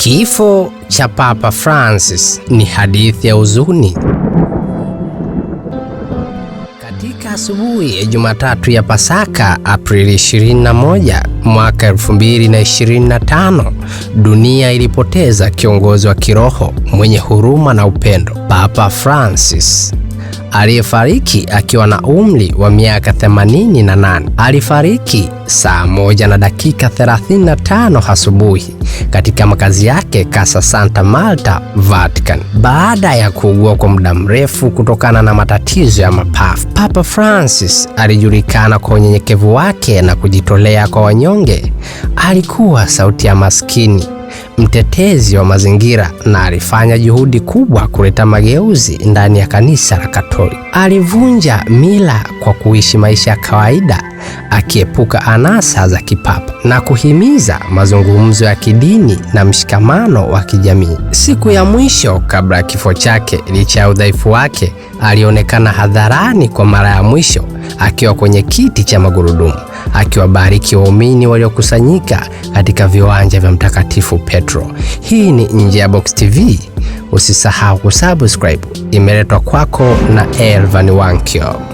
Kifo cha Papa Francis ni hadithi ya huzuni. Katika asubuhi ya Jumatatu ya Pasaka, Aprili 21 mwaka 2025, dunia ilipoteza kiongozi wa kiroho mwenye huruma na upendo, Papa Francis aliyefariki akiwa na umri wa miaka 88. Alifariki saa moja na dakika 35 asubuhi katika makazi yake Casa Santa Marta, Vatican, baada ya kuugua kwa muda mrefu kutokana na matatizo ya mapafu. Papa Francis alijulikana kwa unyenyekevu wake na kujitolea kwa wanyonge. Alikuwa sauti ya maskini mtetezi wa mazingira na alifanya juhudi kubwa kuleta mageuzi ndani ya kanisa la Katoliki. Alivunja mila kwa kuishi maisha ya kawaida akiepuka anasa za kipapa na kuhimiza mazungumzo ya kidini na mshikamano wa kijamii. Siku ya mwisho kabla ya kifo chake, licha ya udhaifu wake, alionekana hadharani kwa mara ya mwisho akiwa kwenye kiti cha magurudumu akiwabariki waumini waliokusanyika katika viwanja vya Mtakatifu Petro. Hii ni Nje ya Box TV. Usisahau kusubscribe. Imeletwa kwako na Elvan Wankyo.